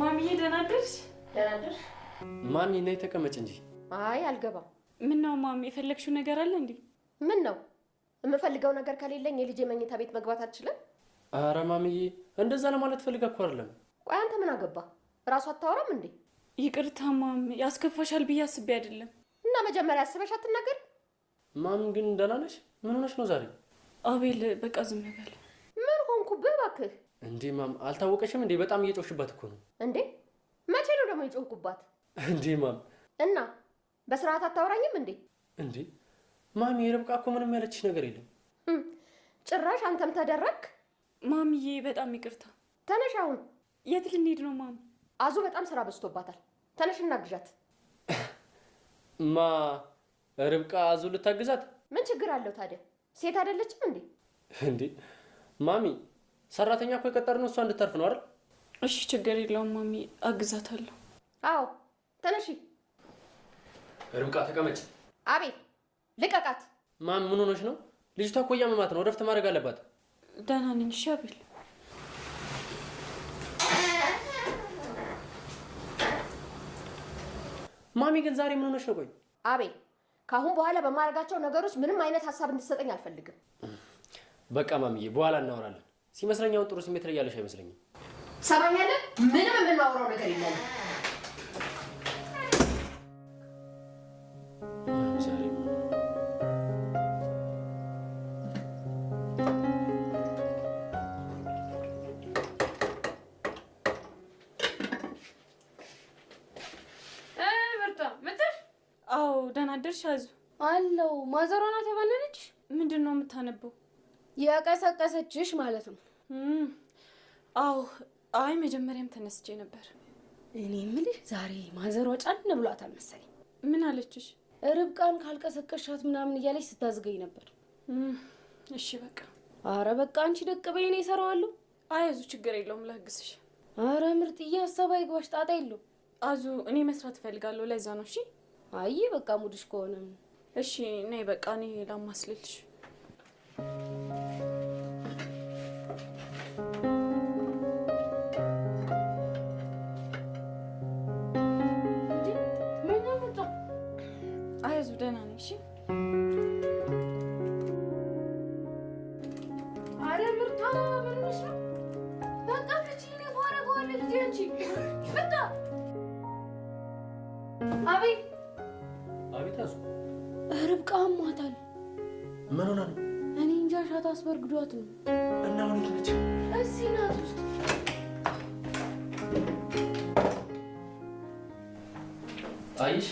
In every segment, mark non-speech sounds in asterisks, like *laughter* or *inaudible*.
ማሚዬ ደህና አደርሽ? ደህና አደርሽ? ማን ነይ ተቀመጭ እንጂ። አይ አልገባም። ምን ነው ማሚ፣ የፈለግሽው ነገር አለ እንዴ? ምን ነው የምፈልገው ነገር ከሌለኝ የልጄ መኝታ ቤት መግባት አልችልም? አረ ማሚዬ እንደዛ ለማለት ፈልጋ እኮ አይደለም። ቆይ አንተ ምን አገባ? እራሱ አታወራም እንዴ? ይቅርታ ማሚ፣ ያስከፋሻል ብዬ አስቤ አይደለም። እና መጀመሪያ አስበሽ አትናገር። ማሚ ግን ደህና ነሽ? ምን ሆነሽ ነው ዛሬ? አቤል በቃ ዝም በል። ምን ሆንኩብህ እባክህ? እንዴ ማም አልታወቀሽም እንዴ? በጣም እየጮሽባት እኮ ነው። እንዴ መቼ ነው ደግሞ የጮህኩባት? እንዴ ማም እና በስርዓት አታወራኝም እንዴ? እንዴ ማሚ ርብቃ እኮ ምንም ያለችሽ ነገር የለም። ጭራሽ አንተም ተደረግክ። ማሚዬ በጣም ይቅርታ። ተነሽ አሁን። የት ልንሄድ ነው ማም? አዙ በጣም ስራ በዝቶባታል። ተነሽ እናግዣት። *laughs* ማ ርብቃ አዙ ልታግዛት? ምን ችግር አለው ታዲያ? ሴት አይደለችም እንዴ? እንዴ ማሚ ሰራተኛ እኮ የቀጠርነው እሷ እንድተርፍ ነው አይደል? እሺ ችግር የለውም ማሚ፣ አግዛታለሁ። አዎ ተነሺ። ርብቃ ተቀመጭ። አቤት። ልቀቃት። ማም ምን ሆነሽ ነው? ልጅቷ እኮ እያመማት ነው፣ እረፍት ማድረግ አለባት። ደህና ነኝ። እሺ አቤል ማሚ ግን ዛሬ ምን ሆነሽ ነው? ቆይ አቤ ከአሁን በኋላ በማድረጋቸው ነገሮች ምንም አይነት ሀሳብ እንድትሰጠኝ አልፈልግም። በቃ ማሚዬ፣ በኋላ እናወራለን። ሲመስለኝ ጥሩ ስሜት ላይ ያለሽ አይመስለኝም። ሰማኛለህ? ምንም የምናወራው ነገር የለም። ደርሽ አዙ አለው ማዘሯ ናት የባነነች። ምንድን ነው የምታነበው? የቀሰቀሰችሽ ማለት ነው። አዎ አይ መጀመሪያም ተነስቼ ነበር። እኔ የምልህ ዛሬ ማዘሯ ጫን ብሏት አልመሰለኝ። ምን አለችሽ? ርብቃን ካልቀሰቀሻት ምናምን እያለች ስታዝገኝ ነበር። እሺ በቃ አረ በቃ አንቺ ደቅ በይ፣ እኔ እሰራዋለሁ። አያዙ ችግር የለውም ላግዝሽ። አረ ምርጥዬ፣ ሀሳብ አይግባሽ፣ ጣጣ የለው። አዙ እኔ መስራት እፈልጋለሁ፣ ለዛ ነው። እሺ አይ በቃ ሙድሽ ከሆነ እሺ ነይ፣ በቃ እኔ ላማስልልሽ እሺ? አረ ምርታ ምን ነው? በቃ ፍቺ ነው አንቺ አቤት አቤት አሱ ርብቃ አሟታል። ምን ሆነ ነው? እኔ እንጃ ሻት አስበርግዷት ነው። እና ምን ልጅ እዚህ ናት ውስጥ አይሽ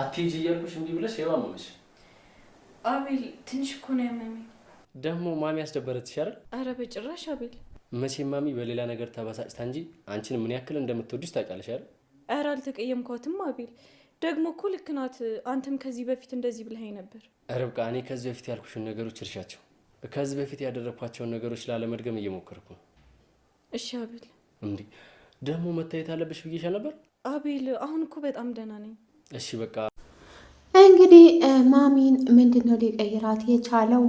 አትሄጂ እያልኩሽ እንዲህ ብለሽ የማመመሽ። አቤል ትንሽ እኮ ነው ያመመኝ። ደግሞ ማሚ ያስደበረት ትሻላል። አረ በጭራሽ አቤል። መቼም ማሚ በሌላ ነገር ተበሳጭታ እንጂ አንቺን ምን ያክል እንደምትወድሽ ታውቂያለሽ አይደል? አረ አልተቀየምኳትም አቤል። ደግሞ እኮ ልክ ናት። አንተም ከዚህ በፊት እንደዚህ ብለኸኝ ነበር። ርብቃ፣ እኔ ከዚህ በፊት ያልኩሽን ነገሮች እርሻቸው። ከዚህ በፊት ያደረግኳቸውን ነገሮች ላለመድገም እየሞከርኩ ነው። እሺ አቤል። እንዴ ደግሞ መታየት አለብሽ ብዬሻ ነበር አቤል። አሁን እኮ በጣም ደህና ነኝ። እሺ በቃ እንግዲህ ማሚን ምንድን ነው ሊቀይራት የቻለው?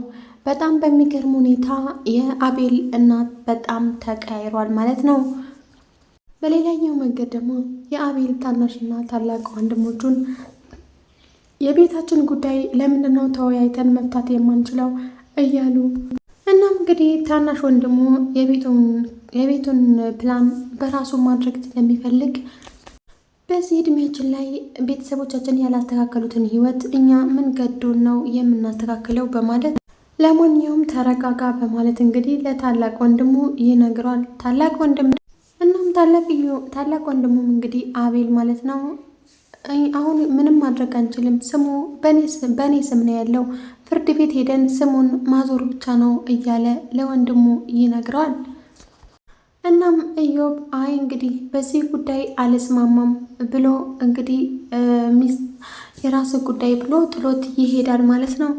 በጣም በሚገርም ሁኔታ የአቤል እናት በጣም ተቀያይሯል ማለት ነው። በሌላኛው መንገድ ደግሞ የአቤል ታናሽና ታላቅ ወንድሞቹን የቤታችን ጉዳይ ለምንድን ነው ተወያይተን መፍታት የማንችለው እያሉ እናም እንግዲህ ታናሽ ወንድሙ የቤቱን ፕላን በራሱ ማድረግ ስለሚፈልግ በዚህ እድሜያችን ላይ ቤተሰቦቻችን ያላስተካከሉትን ህይወት እኛ ምን ገዶን ነው የምናስተካክለው? በማለት ለማንኛውም ተረጋጋ በማለት እንግዲህ ለታላቅ ወንድሙ ይነግሯል። ታላቅ ወንድም እናም ታላቅ ወንድሙም እንግዲህ አቤል ማለት ነው አሁን ምንም ማድረግ አንችልም፣ ስሙ በእኔ ስም ነው ያለው፣ ፍርድ ቤት ሄደን ስሙን ማዞር ብቻ ነው እያለ ለወንድሙ ይነግረዋል። እናም ኢዮብ አይ እንግዲህ በዚህ ጉዳይ አልስማማም ብሎ እንግዲህ የራስ ጉዳይ ብሎ ጥሎት ይሄዳል ማለት ነው።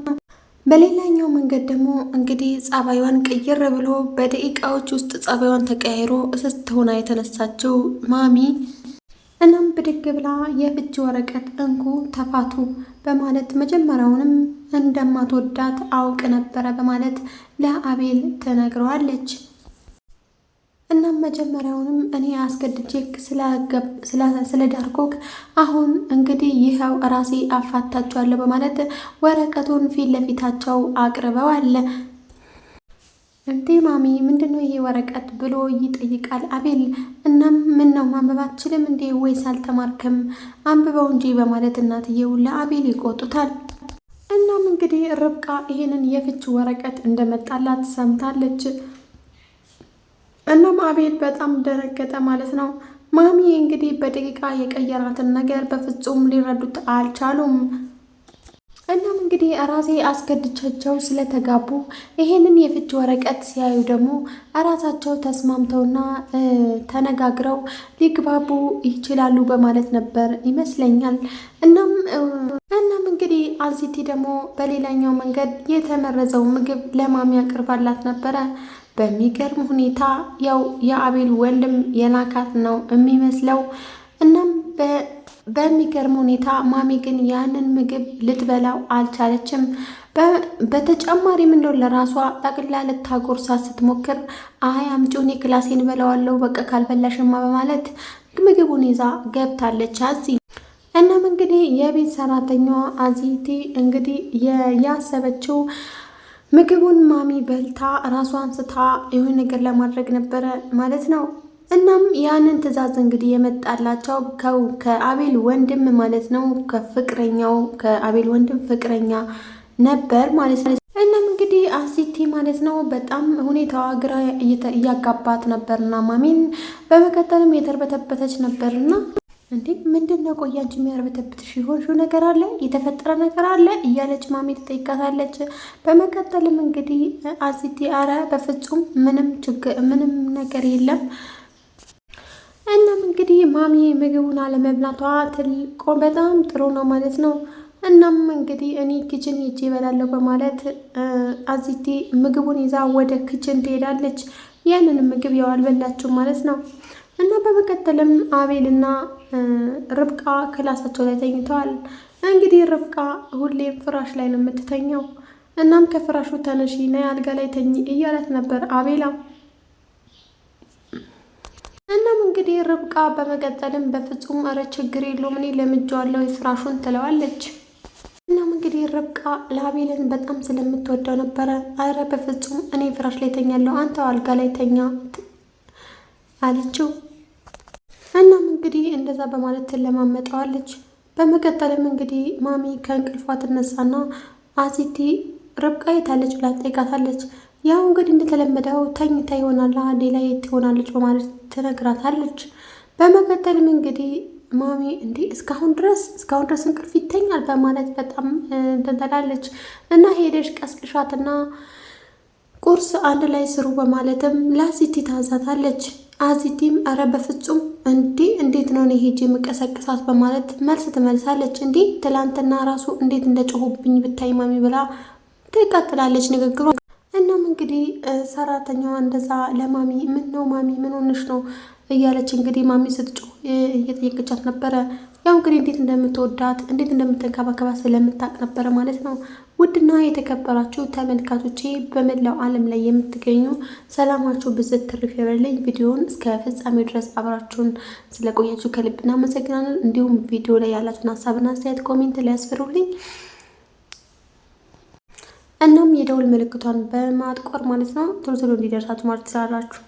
በሌላኛው መንገድ ደግሞ እንግዲህ ጸባይዋን ቅይር ብሎ በደቂቃዎች ውስጥ ጸባይዋን ተቀያይሮ እስስት ሆና የተነሳችው ማሚ እናም ብድግ ብላ የፍቺ ወረቀት እንኩ ተፋቱ በማለት መጀመሪያውንም እንደማትወዳት አውቅ ነበረ በማለት ለአቤል ተነግረዋለች። እናም መጀመሪያውንም እኔ አስገድጄ ስለዳርኮክ አሁን እንግዲህ ይኸው ራሴ አፋታቸዋለሁ በማለት ወረቀቱን ፊት ለፊታቸው አቅርበዋል። እንዴ ማሚ ምንድነው ይሄ ወረቀት ብሎ ይጠይቃል አቤል። እናም ምን ነው ማንበብ አትችልም እንዴ ወይስ አልተማርክም? አንብበው እንጂ በማለት እናትየው ለአቤል ይቆጡታል። እናም እንግዲህ ርብቃ ይሄንን የፍች ወረቀት እንደመጣላት ሰምታለች። እናም አቤል በጣም ደነገጠ ማለት ነው። ማሚ እንግዲህ በደቂቃ የቀየራትን ነገር በፍጹም ሊረዱት አልቻሉም። እናም እንግዲህ ራሴ አስገድቻቸው ስለተጋቡ ይሄንን የፍች ወረቀት ሲያዩ ደግሞ እራሳቸው ተስማምተውና ተነጋግረው ሊግባቡ ይችላሉ በማለት ነበር ይመስለኛል። እናም እናም እንግዲህ አዚቲ ደግሞ በሌላኛው መንገድ የተመረዘው ምግብ ለማሚ አቅርባላት ነበረ። በሚገርም ሁኔታ ያው የአቤል ወንድም የናካት ነው የሚመስለው። እናም በሚገርም ሁኔታ ማሚ ግን ያንን ምግብ ልትበላው አልቻለችም። በተጨማሪም እንደው ለራሷ ጠቅላ ልታጎርሳት ስትሞክር አይ አምጪው እኔ ክላሴን በላዋለሁ በቃ ካልበላሽማ በማለት ምግቡን ይዛ ገብታለች። አዚ እናም እንግዲህ የቤት ሰራተኛዋ አዚቲ እንግዲህ ያሰበችው ምግቡን ማሚ በልታ ራሷን ስታ የሆነ ነገር ለማድረግ ነበረ ማለት ነው። እናም ያንን ትዕዛዝ እንግዲህ የመጣላቸው ከው ከአቤል ወንድም ማለት ነው ከፍቅረኛው ከአቤል ወንድም ፍቅረኛ ነበር ማለት ነው። እናም እንግዲህ አሲቲ ማለት ነው በጣም ሁኔታዋ ግራ እያጋባት ነበርና ማሚን በመከተልም የተርበተበተች ነበርና እንዴ ምንድን ነው ቆይ አንቺ የሚያርበተብትሽ የሆንሽው ነገር አለ የተፈጠረ ነገር አለ እያለች ማሜ ትጠይቃታለች። በመቀጠልም እንግዲህ አዚቲ አረ በፍጹም ምንም ችግር ምንም ነገር የለም። እናም እንግዲህ ማሚ ምግቡን አለመብላቷ ትልቆ በጣም ጥሩ ነው ማለት ነው። እናም እንግዲህ እኔ ኪችን ሄጄ እበላለሁ በማለት አዚቲ ምግቡን ይዛ ወደ ክችን ትሄዳለች። ያንን ምግብ ያው አልበላችሁም ማለት ነው። እና በመቀጠልም አቤልና ርብቃ ክላሳቸው ላይ ተኝተዋል። እንግዲህ ርብቃ ሁሌም ፍራሽ ላይ ነው የምትተኘው። እናም ከፍራሹ ተነሺ ና አልጋ ላይ ተኝ እያለት ነበር አቤላ። እናም እንግዲህ ርብቃ በመቀጠልም በፍጹም እረ ችግር የለውም እኔ ለምጄዋለሁ ፍራሹን ትለዋለች። እናም እንግዲህ ርብቃ ለአቤልን በጣም ስለምትወደው ነበረ አረ በፍጹም እኔ ፍራሽ ላይ ተኛለሁ፣ አንተው አልጋ ላይ ተኛ አለችው። እንግዲህ እንደዛ በማለት ትለማመጠዋለች። በመቀጠልም እንግዲህ ማሚ ከእንቅልፏ ትነሳና አሲቲ ርብቃ የታለች ብላ ትጠይቃታለች። ያው እንግዲህ እንደተለመደው ተኝታ ይሆናላ ሌላ የት ትሆናለች በማለት ትነግራታለች። በመቀጠልም እንግዲህ ማሚ እንዲህ እስካሁን ድረስ እስካሁን ድረስ እንቅልፍ ይተኛል በማለት በጣም ትንተላለች እና ሄደሽ ቀስቅሻትና ቁርስ አንድ ላይ ስሩ በማለትም ለአዚቲ ታዛታለች። አዚቲም አረ በፍጹም እንዲህ እንዴት ነው እኔ ሄጄ የምቀሰቅሳት በማለት መልስ ትመልሳለች። እንዲህ ትላንትና ራሱ እንዴት እንደጮሁብኝ ብታይ ማሚ ብላ ትቀጥላለች ንግግሯ። እናም እንግዲህ ሰራተኛዋ እንደዛ ለማሚ ምን ነው ማሚ ምን ሆንሽ ነው እያለች እንግዲህ ማሚ ስትጮህ እየጠየቀቻት ነበረ። ያው እንግዲህ እንዴት እንደምትወዳት እንዴት እንደምትንከባከባት ስለምታውቅ ነበረ ማለት ነው። ውድና የተከበራችሁ ተመልካቾቼ በመላው ዓለም ላይ የምትገኙ ሰላማችሁ ብዝት ትርፍ ይበልልኝ። ቪዲዮውን እስከ ፍጻሜው ድረስ አብራችሁን ስለቆያችሁ ከልብ እናመሰግናለን። እንዲሁም ቪዲዮ ላይ ያላችሁን ሀሳብና አስተያየት ኮሜንት ላይ ያስፈሩልኝ። እናም የደውል ምልክቷን በማጥቆር ማለት ነው ቶሎ ቶሎ እንዲደርሳችሁ ማለት ትችላላችሁ።